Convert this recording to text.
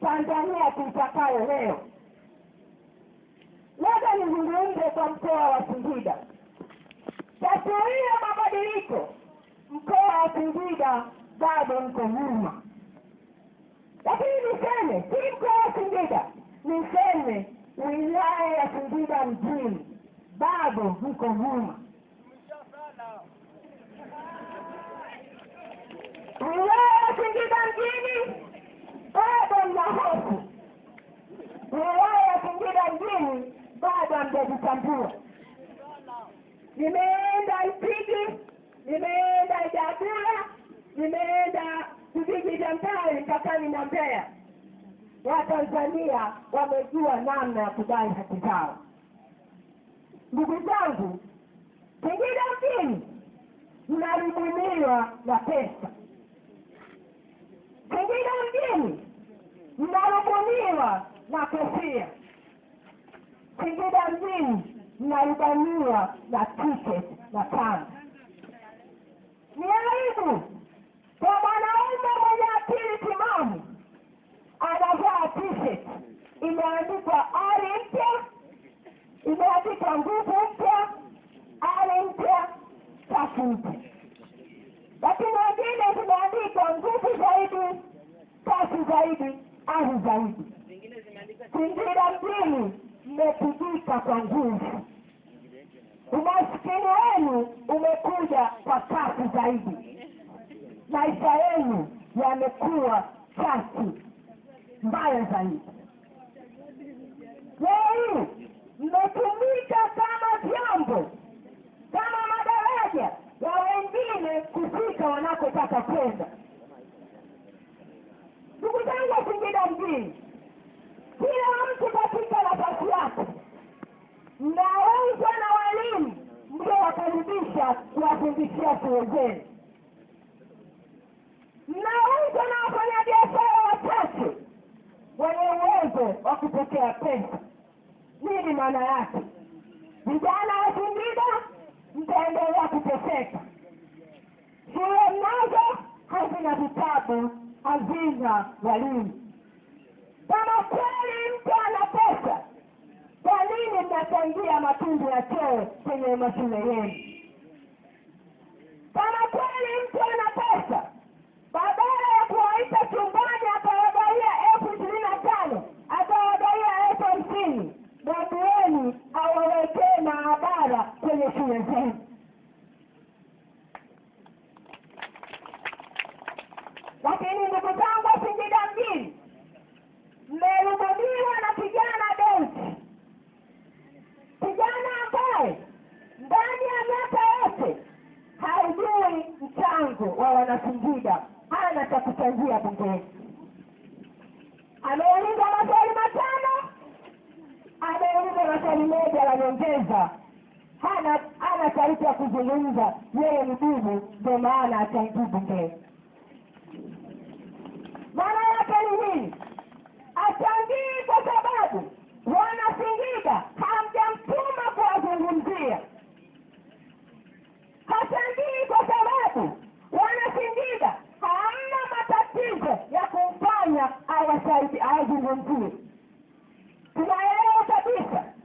Tanzania tuitakayo leo. Labda nizungumze kwa mkoa wa Singida. Taswira mabadiliko, mkoa wa Singida bado mko nyuma, lakini niseme si mkoa wa Singida, niseme wilaya ya Singida mjini bado mko nyuma. hajajitambua. Nimeenda Ipigi, nimeenda Ijakula, nimeenda vijiji vya Mtare mpakani na Mbeya. Watanzania wamejua namna ya kudai haki zao. Ndugu zangu, pengine mjini mnarudumiwa na pesa, pengine mjini mnarudumiwa na kofia Brigadier Mvinyi mnalibaniwa na tiketi na tanga. Ni aibu kwa mwanaume mwenye akili timamu anavaa tiketi imeandikwa ari mpya, imeandikwa nguvu mpya, ari mpya, safu mpya, lakini wengine zimeandikwa nguvu zaidi, safu zaidi, ari zaidi. Singida mjini mmepigika kwa nguvu, umaskini wenu umekuja kwa kasi zaidi, maisha yenu yamekuwa chasi mbaya zaidi. Leo hii mmetumika kama vyombo, kama madaraja ya wengine kufika wanakotaka kwenda. Ndugu zangu wa Singida mjini kuwafundishia na Mnaungwa na wafanyabiashara wachache wenye uwezo wa kupokea pesa. Nini maana yake? Vijana wa Singida mtaendelea kuteseka, shule mnazo hazina vitabu, hazina walimu. Kama kweli mtu ana pesa, kwa nini mnachangia matundu ya choo kwenye mashule yenu? maabara kwenye shule zetu. Lakini ndugu zangu Singida mjini, mmerubudiwa na kijana Deusi, kijana ambaye ndani ya miaka yote haujui mchango wa Wanasingida, hana cha kuchangia bungeni, ameuliza maswali anayeuliza maswali moja la nyongeza hana hana taarifa ya kuzungumza, yeye ni bubu, ndio maana atamjibu mbele. Maana yake ni hii Achangii kwa sababu Wanasingida hamjamtuma kuwazungumzia. Hachangii kwa sababu Wanasingida hamna matatizo ya kumfanya awazungumzie. Tunaelewa. É cabeça.